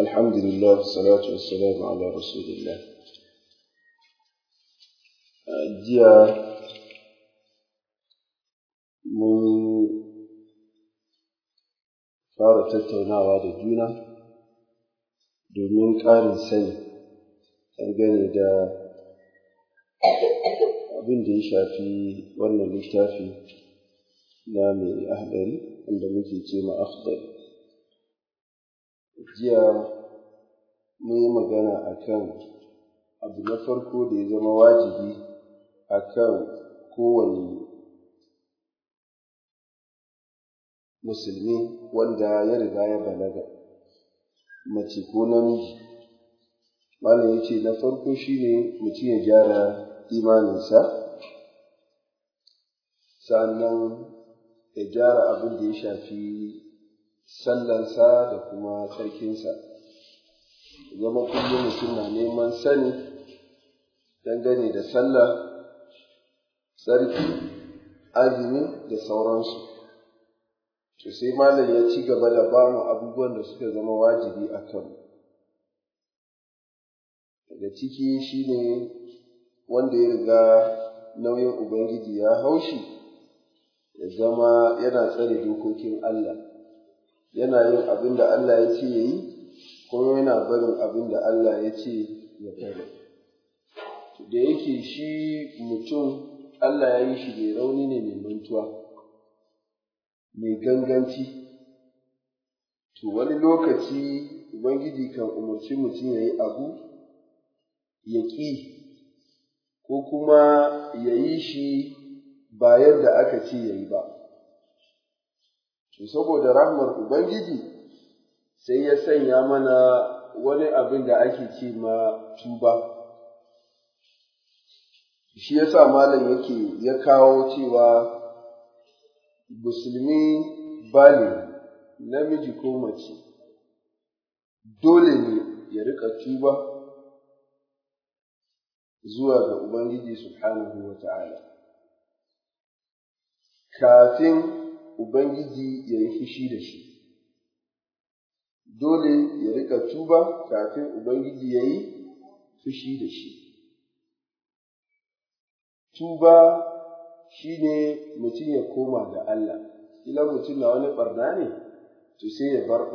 الحمد لله والصلاة والسلام على رسول الله دي من فارة تتونا وعد الدينة دومين قارن سن أرغن دا أبن دي شافي ونالي شافي نامي أهدل عندما تتيم أخضر jiya mun yi magana a kan abu na farko da ya zama wajibi a kan kowane musulmi wanda ya riga ya balaga mace ko namiji malam ya ce na farko shine mutum ya gyara imaninsa sannan ya gyara abin da ya shafi sallansa da kuma sarkinsa zama kullum mutum na neman sani dangane da sallah sarki azumi da sauransu to sai malam ya ci gaba da ba mu abubuwan da suka zama wajibi a kan daga ciki shine wanda ya riga nauyin ubangiji ya haushi ya zama yana tsare dokokin Allah yana yin abin da Allah ya ce ya yi kuma yana barin abin da Allah ya ce ya bari da yake shi mutum Allah ya yi shi mai rauni ne mai mantuwa mai ganganci to wani lokaci ubangiji kan umarci mutum ya yi abu ya ƙi ko kuma ya yi shi ba yadda aka ce ya yi ba to saboda rahmar ubangiji sai ya sanya mana wani abin da ake ce ma tuba shi ya sa malam yake ya kawo cewa musulmi bali namiji ko mace dole ne ya rika tuba zuwa ga Ubangiji Subhanahu wa ta'ala, kafin Ubangiji ya yi fushi da shi. Dole ya rika tuba kafin Ubangiji ya yi fushi da shi. Tuba shi ne mutum ya koma da Allah, ila mutum na wani ɓarna ne, to sai ya bar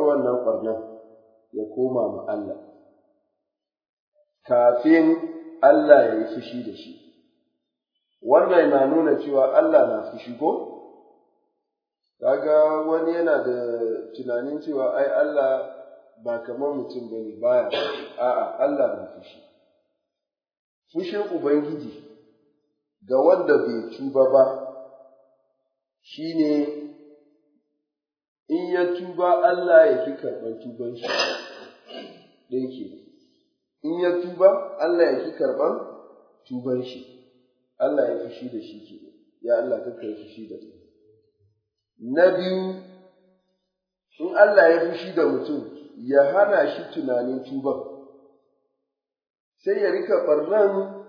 wannan ɓarnan ya koma ma Allah. Kafin Allah ya yi fushi da shi. Wannan na nuna cewa Allah na fushi ko? kaga wani yana da tunanin cewa ai Allah ba kamar mutum ba ne baya a'a Allah na fushi fushin ubangiji ga wanda bai tuba ba shine in ya tuba Allah ya fi karɓar tuban shi 'Dai ke, in ya tuba Allah ya fi karɓar tuban shi Allah ya fushi da shi ke ya Allah ka fushi da shi Na biyu, in Allah ya fushi da mutum, ya hana shi tunanin tuba. sai ya rika ɓarnan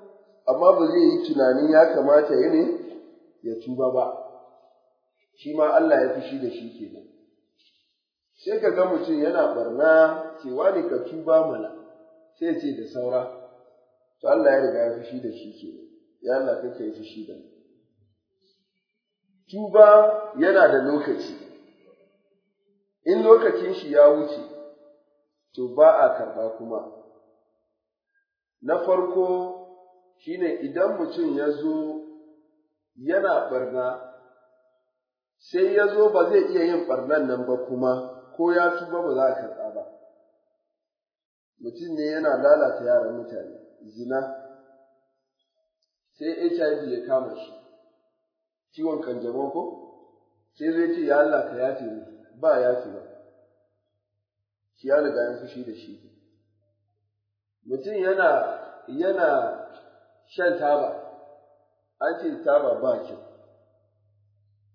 amma ba zai yi tunani ya kamata ya ne ya tuba ba, shi ma Allah ya fushi da shi ke nan. Sai ka ga mutum yana ɓarna, cewa ne ka tuba mana, sai ce da saura, to Allah ya riga ya fushi da shi ke nan, ya Allah kake fushi da mu. tuba yana da lokaci, in lokacin shi ya wuce, to ba a karɓa kuma. Na farko shine idan mutum ya zo yana ɓarna, sai ya zo ba zai iya yin ɓarnan nan ba kuma, ko ya tuba ba za a karɓa ba. Mutum ne yana lalata yaran mutane, zina, sai HIV ya kama shi. ciwon kanjamau ko sai zai ce ya Allah ka yafe ni, ba yafe ba shi ya riga ya fushi da shi mutum yana yana shan taba an ce taba ba ki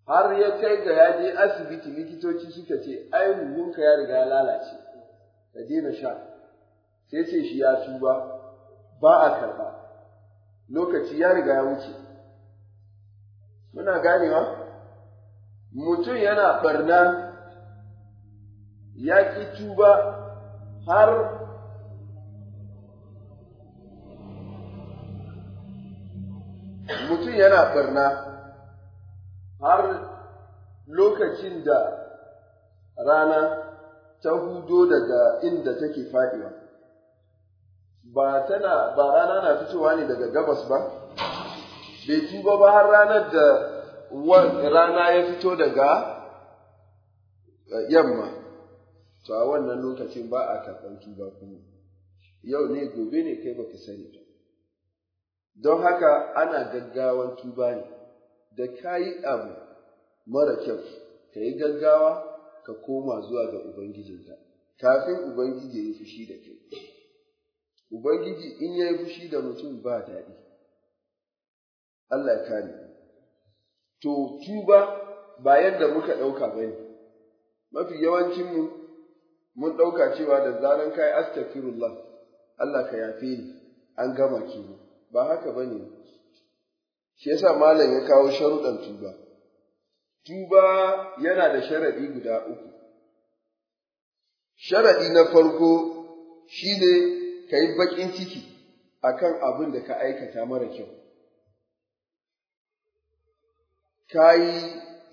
har ya kai ga ya je asibiti likitoci suka ce ai huhunka ya riga ya lalace ka daina sha sai ce shi ya tuba ba a karba lokaci ya riga ya wuce muna ganewa mutum yana barna ya ƙi tuba har mutum yana barna har lokacin da rana ta hudo daga inda take faɗiwa ba tana ba rana na fitowa ne daga gabas ba bai tuba ba har ranar da rana ya fito daga yamma to a wannan lokacin ba a karɓar tuba kuma yau ne gobe ne kai baka sani ba don haka ana gaggawan tuba ne da ka yi abu mara kyau ka yi gaggawa ka koma zuwa ga ubangijinka kafin ubangiji ya yi fushi da kai ubangiji in ya yi fushi da mutum ba daɗi Allah ya kare to tuba ba yadda muka ɗauka ba ne mafi yawancinmu mun ɗauka cewa da zaran kai astaghfirullah Allah ka yafe ni an gama kenan ba haka ba ne shi yasa malam ya kawo sharuɗan tuba tuba yana da sharaɗi guda uku sharaɗi na farko shi ne ka yi baƙin ciki a kan abin da ka aikata mara kyau ka yi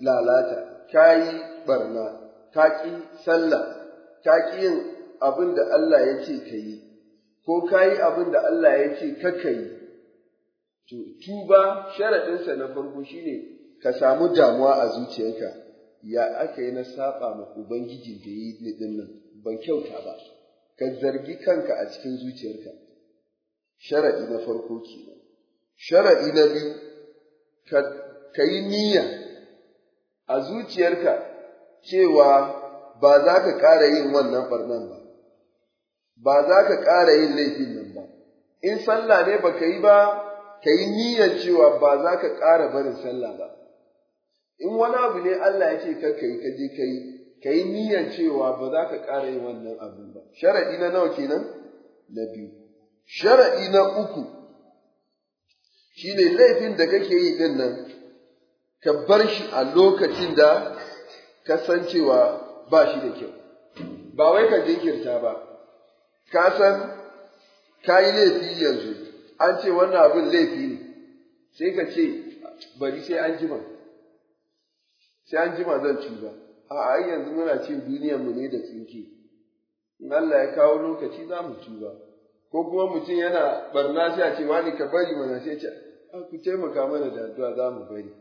lalata, ka yi barna, ka ƙi sallah, ka ƙi yin abin da Allah ya ce ka yi, ko ka yi abin da Allah ya ce ka yi. Tuba sharaɗinsa na farko shine ka samu damuwa a zuciyarka, ya aka yi na saɓa ma ubangiji da yi ɗin nan, ban kyauta ba, ka zargi kanka a cikin zuciyarka. Sharaɗi na farko kenan. Sharaɗi na biyu, ka ka yi niyya a zuciyarka cewa ba za ka ƙara yin wannan ɓarnan ba, ba za ka ƙara yin laifin nan ba, in sallah ne ba ka yi ba, ka yi niyyar cewa ba za ka ƙara barin sallah ba. In wani abu ne Allah ya ce kar ka yi, ka je ka yi, ka yi niyyar cewa ba za ka ƙara yin wannan abin ba. Sharaɗi na nawa kenan? Na biyu. Sharaɗi na uku shi ne laifin da kake yi ɗin nan ka bar shi a lokacin da kasancewa ba shi da kyau ba wai ka jinkirta ba ka san ka yi laifi yanzu an ce wannan abin laifi ne sai ka ce bari sai an jima sai an jima zan ci ba a ai yanzu muna cin duniyar mu ne da tsinke in Allah ya kawo lokaci za mu ci ba ko kuma mutum yana barna sai a ce wani ka bari mana sai ce ku taimaka mana da addu'a za mu bari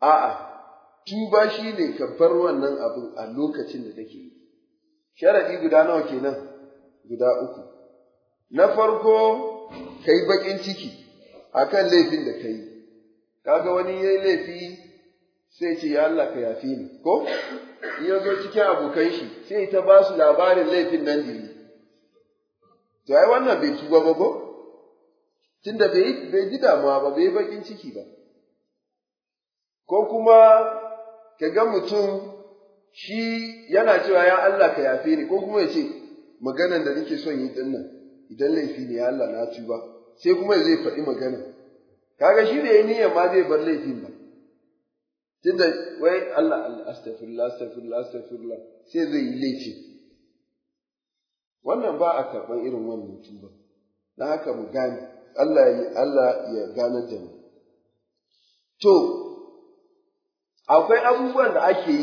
a'a tuba shi ne kamfar wannan abin a lokacin da take yi sharaɗi guda nawa kenan guda uku na farko ka yi baƙin ciki a kan laifin da ka yi kaga wani ya yi laifi sai ce ya Allah ka yafi ni ko Iya zo cikin abokan shi sai ta ba su labarin laifin nan da yi to ai wannan bai tuba ba ko tunda bai ji damuwa ba bai baƙin ciki ba ko kuma ka ga mutum shi yana cewa ya Allah ka yafe ni ko kuma ya ce maganan da nake son yi dinnan idan laifi ne ya Allah na ba sai kuma ya zai faɗi magana kaga shi da ya niyya ma zai bar laifin ba tunda wai Allah Allah astaghfirullah astaghfirullah astaghfirullah sai zai yi laifi wannan ba a karɓar irin wannan mutum ba, dan haka mu gane Allah ya Allah ya gane da mu to akwai abubuwan da ake yi